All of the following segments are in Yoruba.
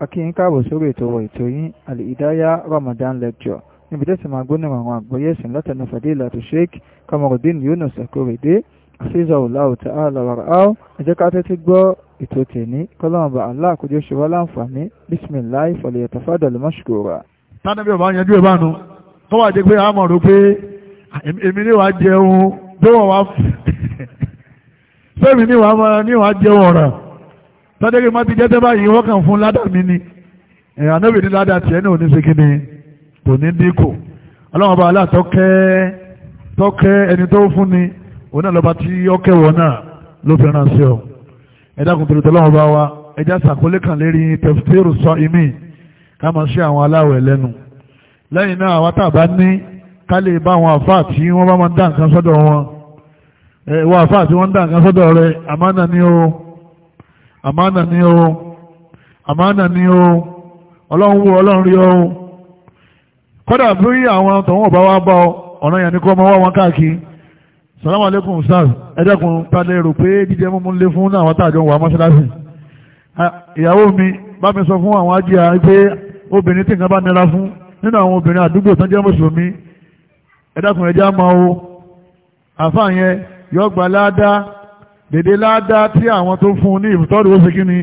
akíyín káàbọ̀ sórí ètò ọ̀rọ̀ ètò yín àlìdáyà Ramadan lecture níbi tẹ́sí máa gbóná àwọn àgbọ̀yé ẹ̀sìn látẹnu Fadilatu Sheikh Kamarudin Yunus Akorede àfihàn ọ̀làwọ̀ tá a lọ rà áwọ̀ ẹ jẹ́ ká tẹ́tí gbọ́ ètò tèmi kọ́lọ́mọba Allah àkójọ ṣe wá láǹfààní bisimilahi falyatafaddal mashkura. tánàbí ọba yanjú ẹ bánu tó wà jẹ pé a mọ̀ rò pé èmi ni wàá jẹun bí wọ́n wá fún mi ni wàá jẹun ọ̀ràn tọ́jẹ́gì má ti jẹ́ tẹ́ báyìí wọ́n kàn fún ládà mi ni ànábì ní ládà tiẹ̀ ní sekini kò ní dínkù ọlọ́run ọba aláà tọ́kẹ́ ẹni tó fún ni òun náà lọ́ba tí ọkẹ́ wọ̀ náà ló fi ràn sí ọ ẹ̀dá kò tòlótọ́ ọlọ́run ọba wa ẹ̀dá sàkólé kan lérí tẹ̀fùtẹ́rù sọ ìmí ká máa ṣe àwọn aláwẹ̀ lẹ́nu lẹ́yìn náà àwa tá a bá ní ká lè bá àwọn àfáà tí wọ́n bá máa ń dá nǹkan sọ́dọ̀ wọn ẹ̀ wọ́n àfáà tí wọ́n dá nǹkan sọ́dọ̀ rẹ̀ àmánà ni ó àmánà ni o àmánà ni o ọlọ́run wo ọlọ́run rí o kódà bí àwọn tọ̀wọ́n bá wá bá ọ̀nà yẹn ni kó ọmọ wá wọn káàkiri salamu aleykum sars ẹ̀dẹ́kun tálẹ̀ rò pé jíjẹ múmú lé fún àwọn tààjọ wà mọ́ṣáláṣí ìyàwó mi bá mi sọ fún àwọn ajíya pé obìnrin tí nǹkan bá nira fún nínú àwọn obìnrin àdúgbò tán jẹ́ mùsùlùmí ẹ̀dẹ́kun ẹ̀já máa wo àfáà yẹn yọ gbà ládàá dèdè ládá tí àwọn tó fún ní ìfìtọ́rù ó sì kí ni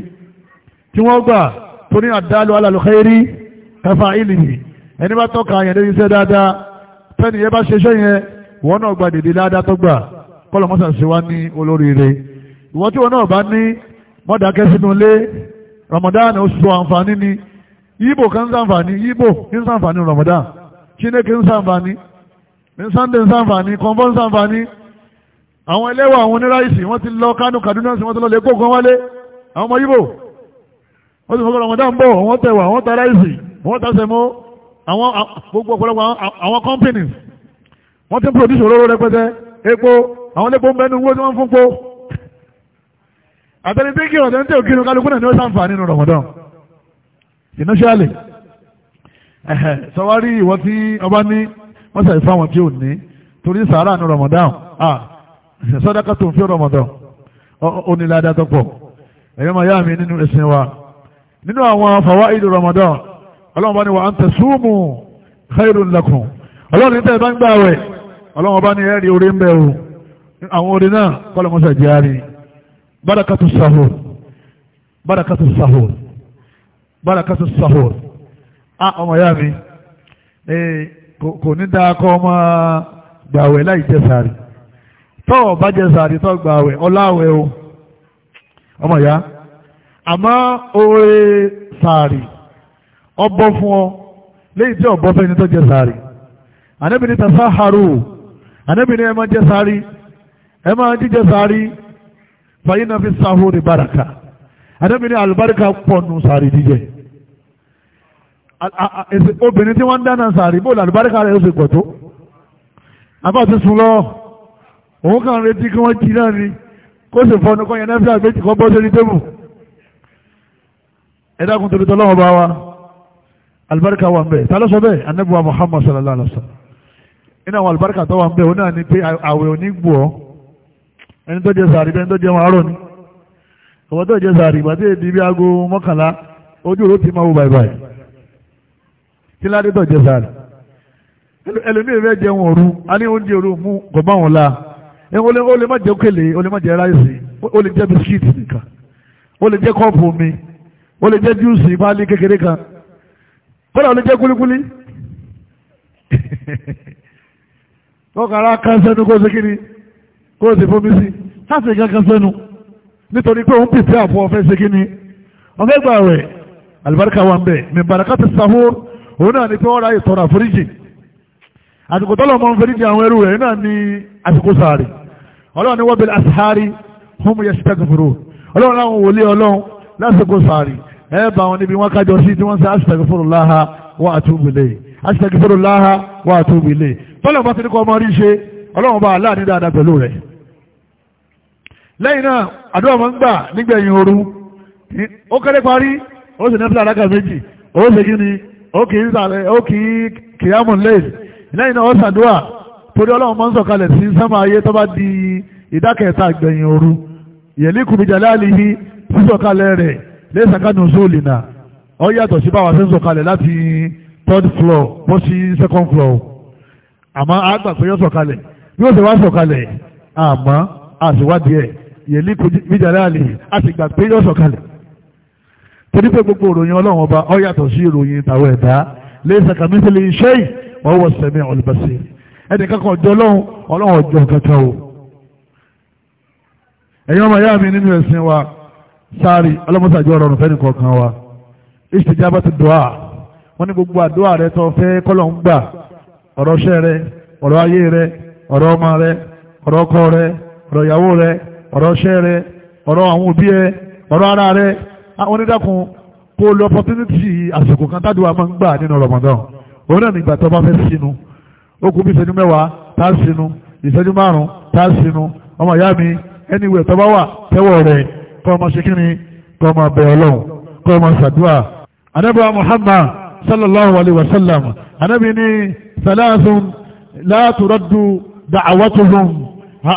tí wọ́n gbà tó ní àdálù alàlùkẹ́rí ẹfà ìlìyìn ẹni bá tọ́ka yẹn lórí iṣẹ́ dáadáa tẹ́ni yẹ bá ṣeṣẹ́ yẹn wọ́n náà gba dèdè ládá tó gbà kọ́lọ̀mọ́sà sí wá ní olóríire ìwọ́n tí wọ́n náà bá ní mọ́dàkẹ́ sínú ilé Ramadan oṣù àǹfààní ni yíbò kan sàǹfààní yíbò kí sàǹfààní Ramadan Chineke sàǹfààní ní Sunday sàǹfààní kọ̀ǹfọ́n sàǹfààní àwọn ẹlẹ́wà àwọn oníráìsì wọ́n ti lọ Kánò Kaduna sí wọ́n ti lọ lè kókan wálé àwọn ọmọ yíbò wọ́n ti fọ́kọ́ ọmọdé ń bọ̀ wọ́n tẹ̀wà wọ́n ta ráìsì wọ́n ta sẹ̀mó àwọn gbogbo ọ̀pọ̀lọpọ̀ àwọn companies wọ́n ti ń produce òróró rẹpẹtẹ epo àwọn elépo ń bẹnu owó tí wọ́n fún po àtẹni tí kí ọ̀tẹ̀ ń tẹ̀ òkìrun kálukú náà ni ó sàǹfààní nínú Ramadan financially sọwárí ìwọ tí ọba ní wọ́n sàì fáwọn tí ò ní torí sàárà ní Ramadan ah sọ́dáka tó ń fi Ramadan ó ní ládàá tó pọ̀ ẹ̀yọ́ máa yá mi nínú ẹ̀sìn wa nínú àwọn fawaidu Ramadan ọlọ́run bá ní wa an tasumu khairun lakum ọlọ́run tẹ́ bá ń gbà wẹ̀ ọlọ́run bá ní ẹ̀rí orí ń bẹ̀ o àwọn orí náà kọ́lọ̀mọ́sà jẹ́rì barakatu sahur barakatu sahur barakatu sahur a ọmọ ya mi eh, kò ní dáa kọ́ ọmọ gbàwẹ̀ láì jẹ́ sáré tọ́wọ̀ bá jẹ sàárì tọ́ gba àwẹ̀ ọláwẹ̀ o ọmọ ìyá àmọ́ oore sàárì ọbọ̀ fún ọ léyìí tí ọbọ̀ fẹ́ni tó jẹ sàárì ànábì ní tasaharu ànábì ní ẹ máa fàyín náà fi sahuri baraka ànábì ní alùbáríkà pọ̀nù sàárì jíjẹ obìnrin tí wọ́n ń dáná sàárì bóòlù alùbáríkà rẹ̀ ó sì pọ̀ tó àbá ti sun lọ́wọ́ òun kàn retí kí wọ́n jí náà ni kó sì fọ́nù kọ́ yẹn náfíà méjì kọ́ bọ́ sórí tébù ẹ̀dàkùn wa alibarika wà ń bẹ̀ ta ló sọ bẹ́ẹ̀ Muhammad sallallahu alaihi wa sallam iná àwọn alibarika tó wà ń bẹ̀ òun náà ni pé àwẹ̀ òní gbù ọ́ ẹni tó jẹ sàárì bẹ́ẹ̀ ni tó jẹ wọn àárọ̀ ni ọ̀wọ́ tó jẹ sàárì ìgbà tí èdè bí aago mọ́kànlá ti máa wo bàìbàì kí ládé tó jẹ sàárì ẹlòmíràn fẹ́ a ní oúnjẹ òru mú kò bá wọn la o lè má jẹ òkèlè o lè má jẹ ráìsì o lè jẹ bisikíìtì nìkan o lè jẹ kọ́ọ̀pù mi o lè jẹ júùsì báálí kékeré kan kódà o lè jẹ kúlíkúlí kọ́kàrá kan sẹ́nu kó ṣe kíni kó ṣe fomi sí sáṣe kankan sẹ́nu nítorí pé òun pèsè àbọ̀ ọ̀fẹ́ ṣe kíni ọ̀fẹ́ gbà rẹ̀ alibarika wa ń bẹ̀ ti sahur òun náà ni pé wọ́n ra ìtọ́ra àforíjì àsìkò tọ́lọ̀ mọ́ ń àwọn ẹrú rẹ̀ náà ni àsìkò sàárè ọlọ́run ni wọ́n bẹ̀rẹ̀ àṣàárí húnmù yẹ ṣẹ́gbẹ̀rọ ọlọ́run láwọn wòlé ọlọ́run lásìkò sàárì ẹ̀ẹ́bà wọn níbi wọn kájọ sí tí wọ́n sá astaghfirullah wa atubu ilayh astaghfirullah wa atubu ilayh tọ́lọ̀ bá ti ní kọ́ ọmọ rí ṣe ọlọ́run bá aláàní dáadáa pẹ̀lú rẹ̀ lẹ́yìn náà àdúrà máa ń gbà nígbẹ̀yìn ooru ó kéré parí ó sì nẹ́fìlà alága torí ọlọ́run máa ń sọ̀kalẹ̀ sí sánmà ayé tó bá di ìdákẹ́ta gbẹ̀yìn òru yẹ̀lí kùbìjàlá àlìyí sísọ̀kalẹ̀ rẹ̀ lẹ́sàkánù sóòlìnà ọ yàtọ̀ sí báwa ṣe ń sọ̀kalẹ̀ láti third floor bọ́ sí second floor àmọ́ a gbà pé yọ sọ̀kalẹ̀ yóò ṣe wá sọ̀kalẹ̀ àmọ́ àṣìwádìí ẹ̀ yẹ̀lí kùbìjàlá àlìyí a sì gbà pé yọ sọ̀kalẹ̀ torí pé gbogbo ìròyìn ọlọ́run ọba ọ yàtọ̀ sí ìròyìn tàwọn ẹ̀dá lẹ́sàkánù sílẹ̀ iṣẹ́ yìí wọ́n wọ sẹ́mi ọ̀lùbẹ́sẹ̀rẹ̀ ẹnì kankan ọjọ́ ọlọ́run ọlọ́run ọjọ́ kankan o ẹ̀yin ọmọ ìyá mi nínú ẹ̀sìn wa sáré ọlọ́mọsàjọ́ ọ̀rọ̀rùn fẹ́ni kọ̀ọ̀kan wa ìṣèjábá ti dùn á wọ́n ní gbogbo àdúrà rẹ tó fẹ́ kọ́lọ̀ ń gbà ọ̀rọ̀ ṣẹ́ rẹ ọ̀rọ̀ ayé rẹ ọ̀rọ̀ ọmọ rẹ ọ̀rọ̀ ọkọ rẹ ọ̀rọ̀ ìyàwó rẹ ọ̀rọ̀ ṣẹ́ rẹ ọ̀rọ̀ àwọn òbí ẹ ọ̀rọ̀ ara rẹ àwọn onídàkùn kó lo opportunity àsìkò kan tádùá máa ń gbà nínú Ramadan òun náà nígbà tó bá fẹ́ sínú ó kú bí ìṣẹ́jú mẹ́wàá tá a sinú ìṣẹ́jú márùn-ún tá a sinú ọmọ ìyá mi ẹni ìwé tọ́ba wà tẹ́wọ̀ rẹ̀ kọ́ ọmọ ṣe kíni kọ́ ọmọ abẹ ọlọ́run kọ́ ọmọ ṣàdúrà. anábìá Muhammad sallallahu alayhi wa sallam anábì ní salasun la turaddu da'awatuhum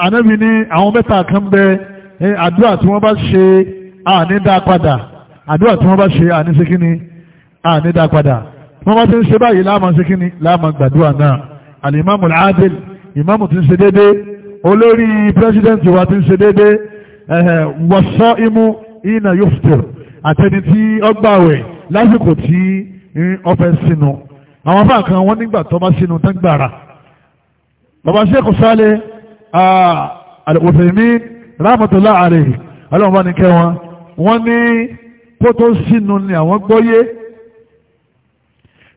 anábì ní àwọn mẹ́ta kan bẹ àdúrà tí wọ́n bá ṣe àní dá padà àdúrà tí wọ́n bá ṣe àní ṣe kíni àní dá wọ́n bá ti ń ṣe báyìí láàmú ṣe kíni láàmú gbàdúrà náà alimamu adil imamu ti ń ṣe dédé olórí president wa ti ń ṣe dédé wọ́sọ́ imú ina yuftir àtẹni tí ọgbàwẹ̀ lásìkò tí ọfẹ́ sínú àwọn afá kan wọ́n nígbà tó bá sínú tán gbàrà bàbá sẹ́kù sálẹ̀ al-Uthaymin rahmatullah alayhi ọlọ́run wọn ní kó tó ni àwọn gbọ́yé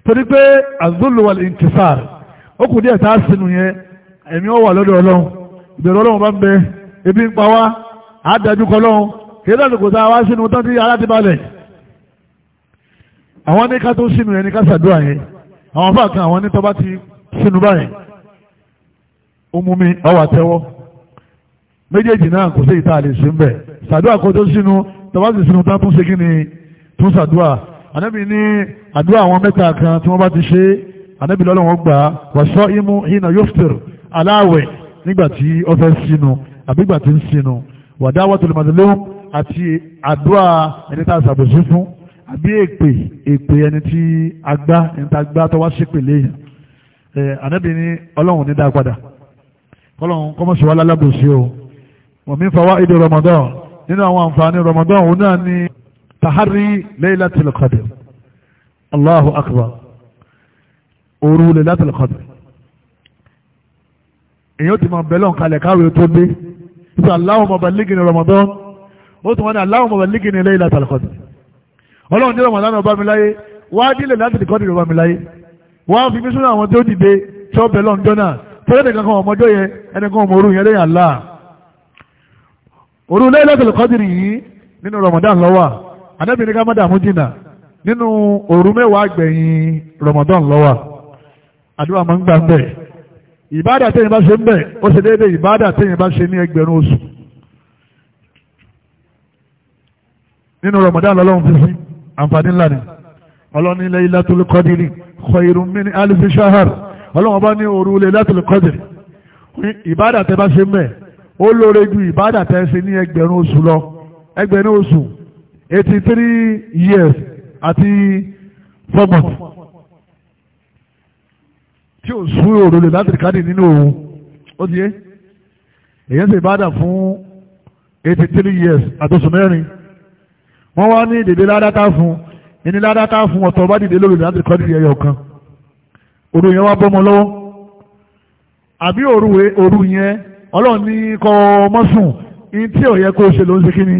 torí pé azulwal intisar ó kù díẹ̀ tá a sinú yẹn ẹ̀mí ó wà lọ́dọ̀ ọlọ́run ìbẹ̀rù ọlọ́run bá ń bẹ ebi ń pa wá á dájú kọ lọ́run kí lọ́dún kò tá a wá sínú tán tí ara ti balẹ̀ àwọn ní ká tó sínú yẹn ní ká ṣàdúrà yẹn àwọn fà kan àwọn ní tọ́ bá ti sínú báyìí ó ọwà tẹ́wọ́ méjèèjì náà kò sí ìta àlè sí ń bẹ̀ ṣàdúrà tó sínú tọ́ bá ti sínú tán tún ṣe kí ni tún ṣàdúrà ànábì ní àdúrà àwọn mẹ́ta kan tí wọ́n bá ti ṣe é anábì lọ́lọ́wọ́ gbà wàṣọ́ imú hina yófìr aláwẹ̀ nígbà tí ó fẹ́ sínú àbígbà tí ń sínú wàdáwọ́ tó lè máa lé àti àdúrà ẹni tá a ṣàbòsí fún àbí èpè èpè ẹni tí a gbá ẹni tá a gbá tó wá sí pèlè yẹn anábì ní ọlọ́run ní dá padà kọ́mọ̀sí wa lálábòsí o wa min fawaidi Ramadan nínú àwọn àǹfààní Ramadan òun náà ni tahari laylatul qadr Allahu akbar òru lè látàlẹ̀ kọ́tù èyàn ti máa bẹ̀lọ̀ kalẹ̀ káwé tó dé sísọ Allahumma ballighni Ramadan ó tún wọn ní Allahumma ballighni laylatal qadr ọlọ́run ní Ramadan ọba mi láyé wá dílé látàlẹ̀ kọ́tù ọba mi láyé wá fi mí sún àwọn tí ó dìde tó bẹ̀lọ̀ ńjọ́ náà tẹ́lẹ̀ nìkan kan ọmọjọ́ yẹn ẹni kan ọmọ òru yẹn lẹ́yìn Allah òru laylatal qadr yìí nínú Ramadan lọ́wọ́ àdẹ́bìnrin ká má dààmú jìnnà nínú òru mẹ́wàá gbẹ̀yìn Ramadan lọ́wọ́ àdúrà máa ń gbà ń bẹ̀ ìbádà téèyàn bá ṣe ń bẹ̀ ó ṣe déédé ìbádà téèyàn bá ṣe ní ẹgbẹ̀rún oṣù nínú Ramadan lọ́lọ́run fi sí àǹfààní ńlá ni ọlọ́ni Laylatul Qadri khairun min alfi shahr ọlọ́run bá ní òru Laylatul Qadri ìbádà tẹ́ bá ṣe ń bẹ̀ ó lóore ju ìbádà tẹ́ ṣe ní ẹgbẹ̀rún oṣù lọ ẹgbẹ̀rún oṣù eighty three years àti four months tí ò sú òru lè láti kádì nínú òun ó ti yé èyàn sì bá dà fún eighty three years àtòsù mẹ́rin wọ́n wá ní dèdè ládàtà fún ẹni ládàtà fún ọ̀tọ̀ bá dìde lórí láti kádì ẹyọ kan òru yẹn wá bọ́mọ lọ́wọ́ àbí òru yẹn ọlọ́run ní kọ́ mọ́sùn ní tí ò yẹ kó ṣe ló ń ṣe kí ni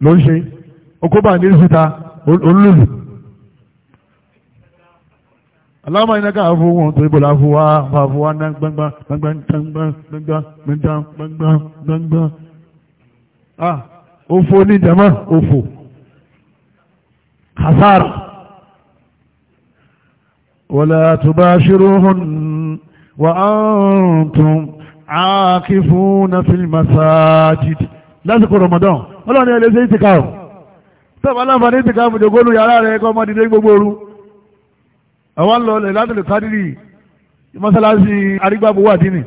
ló ń ṣe okó ní ìsúta olúlù aláwọ̀ ìnáka àfọwọ́n tó ibò láfọwá fàfọwá ná gbangba gbangba gbangba gbangba gbangba gbangba gbangba ah òfò ní jama òfò hasara wala tubashiruhun wa antum aakifuna fil masajid lásìkò Ramadan ọlọ́run ẹlẹ́sẹ̀ ìtìkáwọ̀ tọ́ba aláǹfààní ìtìkáwọ̀ jòkó lu yàrá rẹ̀ kọ́ ọmọdé gbogbo ooru àwọn ń lọ lẹ́látòlè kádìrì mọ́sálásí arígbàbọ̀ wà dínì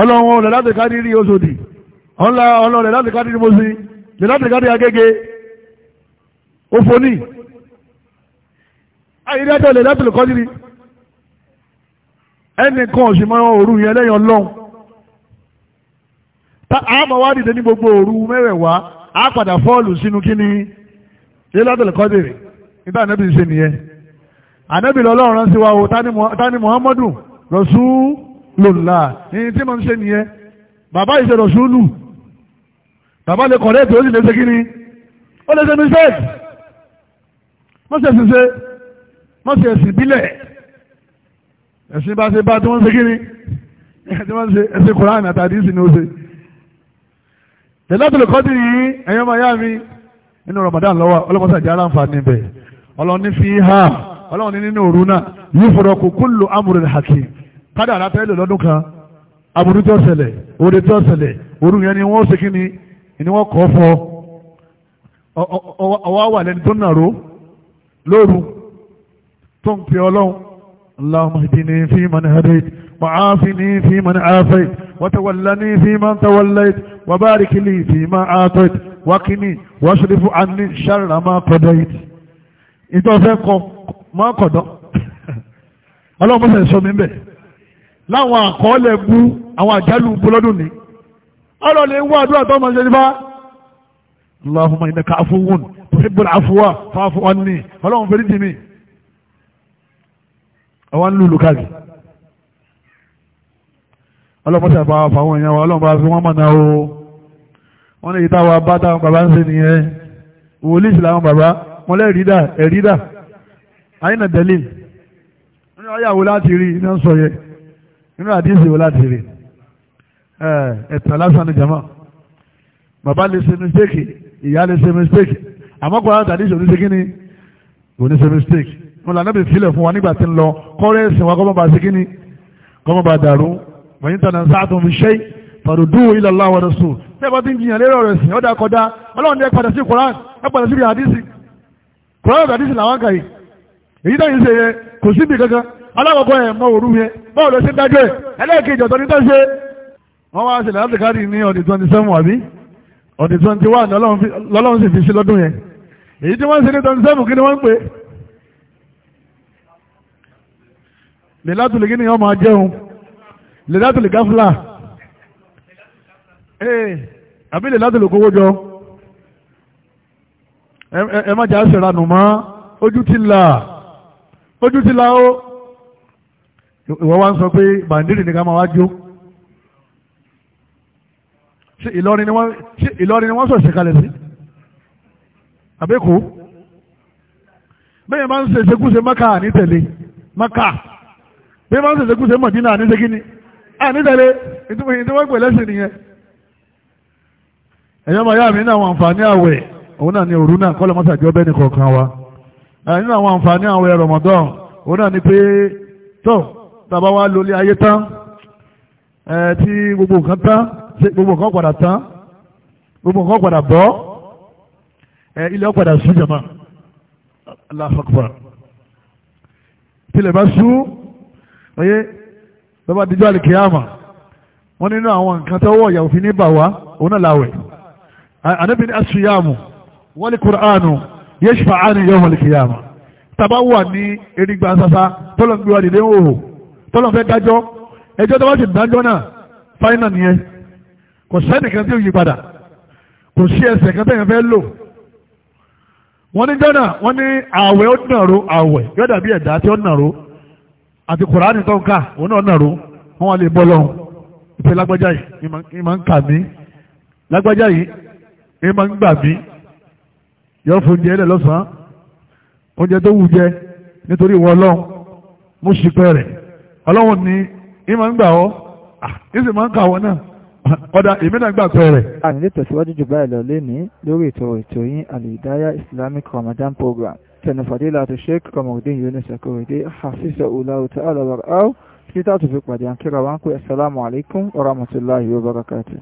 ọlọ́wọ́n lẹ́látòlè kádìrì Òṣòdì ọ̀nlá ọlọ́ lẹ́látòlè kádìrì mọ́sí lẹ́látòlè kádìrì Agége òfòní ayídájọ́ lẹ́látòlè kádìrì ẹnìkan ọ̀sìn mọ́ òru yẹn lẹ́yìn ọlọ́run àmọ́ wá dìde ní gbogbo òru mẹ́wẹ̀wá á padà fọ́ọ̀lù sínú kíní lẹ́látòlè kádìrì nígbà náà ànábì lọ́lọ́run rán sí wa o tani muhammadu rasulullah ní tí mo ń ṣe nìyẹn bàbá ìṣe rasulu bàbá lè kọ̀rẹ́ẹ̀tì ó sì lè ṣe kí ni ó lè ṣe mistake wọ́n ṣe ṣiṣẹ́ wọ́n ẹ̀sìn bílẹ̀ ẹ̀sìn bá ṣe bá tí wọ́n ṣe kí tí wọ́n ṣe ẹ̀sìn koran àtàdé ìsìn ni ó ṣe lẹ́lọ́tò kọ́dí yìí ẹ̀yọ́ máa yá mi nínú Ramadan lọ́wọ́ ọlọ́mọṣẹ́ ìjà aláǹfààní bẹ̀ ọlọ́ní fi hà ọlọ́run ní nínú òru náà yìí fọ̀rọ̀ kò kúlò amúrin hakim kádà látẹ́lẹ̀ lọ́dún kan aburú tó ṣẹlẹ̀ oore tó ṣẹlẹ̀ òru yẹn ni wọ́n ṣe kí ni ni wọ́n kọ́ fọ́ ọwọ́ wà lẹ́ni tó nàró lóru tó ń pè ọlọ́run اللهم اهدني فيمن هديت وعافني فيمن عافيت وتولني فيمن توليت وبارك لي فيما أعطيت وقني واصرف عني شر ما قضيت إذا فقه mọ́ kọ̀dọ́ ọlọ́run mọ́sẹ̀ sọ mi bẹ̀ láwọn àkọọ́lẹ̀ bú àwọn àjálù bọ́lọ́dún ni ọlọ́run lè wá àdúrà tó máa ń ṣe nípa Allahumma innaka afuwun tuhibbul afwa fa'fu anni ọlọ́run fẹ́rí jì mí àwọn ń lùlù káàkiri ọlọ́run mọ́sẹ̀ bá fàwọn èèyàn wa ọlọ́run bá fi wọ́n mọ̀ náà o wọ́n lè yí táwa bá táwọn bàbá ń ṣe nìyẹn wòlíì làwọn bàbá mọ́lẹ́ rí dà àyìnà dalil nínú ayàwó láti rí iná sọ yẹ nínú àdíṣe wo láti rí ẹ̀tàn lásán ni jama bàbá lè ṣe mistake ìyá lè ṣe mistake àmọ́ kò láti àdíṣe oníṣe kíni oníṣe mistake wọn lànà bí filẹ̀ fún wa nígbà tí ń lọ kọ́rẹ́ ẹ̀sìn wa kọ́mọ́ bá ṣe kíni kọ́mọ́ dàrú wọ́n yín tànà sáà tó fi ṣe fàdùdú ila Allah wa rasul tí ẹ bá ti ń jiyàn lérò rẹ̀ sìn ọ́dà ọlọ́run ní ẹ padà sí Quran ẹ padà sí bí hadisi Quran àti hadisi làwọn kà èyí tó yìí ṣe yẹ kò síbi kankan alákọ̀ọ́kọ́ ẹ̀ mọ òru yẹn báwo ló ṣe dájọ́ ẹ̀ ẹlẹ́ẹ̀kejì ọ̀tọ̀ ní tó ṣe wọ́n wá ṣẹlẹ̀ láti kárí ní ọdún twenty seven àbí ọdún twenty one lọ́lọ́run sì fi sí lọ́dún yẹn èyí tí wọ́n ń ṣe ní twenty seven kí ni wọ́n ń pè lè látòlè kí ni wọ́n máa jẹun lè látòlè gáfúlà ee eh, àbí lè látòlè kówó jọ ẹ má jà á ṣèrànù mọ́ ojú ti là ojú ti la ó ìwọ wá ń sọ pé bàndírì ní ká máa wá jó ṣé ìlọrin ni wọ́n ṣé ìlọrin ni wọ́n sọ ṣèkalẹ̀ sí àbẹ́kò bẹ́ẹ̀ máa ń ṣe ṣekúṣe maka ní tẹ̀lé maka bẹ́ẹ̀ máa ń ṣe ṣekúṣe mọ̀dínà ní ṣekíní ní tẹ̀lé ìtumọ̀ ìpè lẹ́sìn nìyẹn ẹ̀yọ́ màá yá mi ní àwọn àǹfààní àwẹ̀ òun náà ni òru náà kọ́lọ́mọ́sàjọ́ bẹ́ẹ̀ ni kọ̀ọ̀kan wa. Ah, nínú àwọn àǹfààní àwọn ẹ̀rọ mọ̀dán òun náà ni pé tó tàbá wá lólé ayé tán tí gbogbo nǹkan tán gbogbo nǹkan padà tán gbogbo nǹkan padà bọ́ ilé ọ̀padà sún jàmá aláfàkùfà tilẹ̀ bá sún oyé lọ́ba díjọ́ àlìkèyàmà wọ́n nínú àwọn nǹkan tó wọ̀ yàwó fi ní bà wá òun náà láwẹ̀ ànábìíní asùyàmù wọ́n ní kùránù yesu àárín yọ̀ wọlé kìyàmà tàbá wà ní erigba wa dìde ń hòhò tọ́lọ̀ fẹ́ dájọ́ ẹjọ́ tó bá sì dájọ́ náà fáínà nìyẹn kò sẹ́nìkan tí ò yí padà kò sí ẹsẹ̀ kan tẹ̀yàn fẹ́ lò wọ́n ní jọ́nà wọ́n ní ààwẹ̀ ó nàró ààwẹ̀ yóò dàbí ẹ̀dá tí ó nàró àti kùránì tó ń kà òun náà nàró wọ́n lè bọ́ lọ́hùn ìpè lágbájá yọ fún oúnjẹ ilẹ̀ lọ́sàn-án oúnjẹ tó wù jẹ nítorí ìwọ ọlọ́run mú ṣìpẹ́ rẹ̀ ọlọ́run ní ìmọ̀ ń gbà ọ́ ìsì ah, máa ń kà wọ́n náà ọ̀dà èmi náà gbà pẹ́ rẹ̀. ànílé tẹ̀síwájú jù báyìí lọ lénìí lórí ètò ètò yín alìdáyà Islamic Ramadan program tẹnu fàdílà àti Sheikh Kamaldeen Yunus Akorede hafiza ulawu ta'ala warau títà tó fi pàdé àkírà wa ń pè assalamu alaikum wa rahmatullahi wa barakatuh.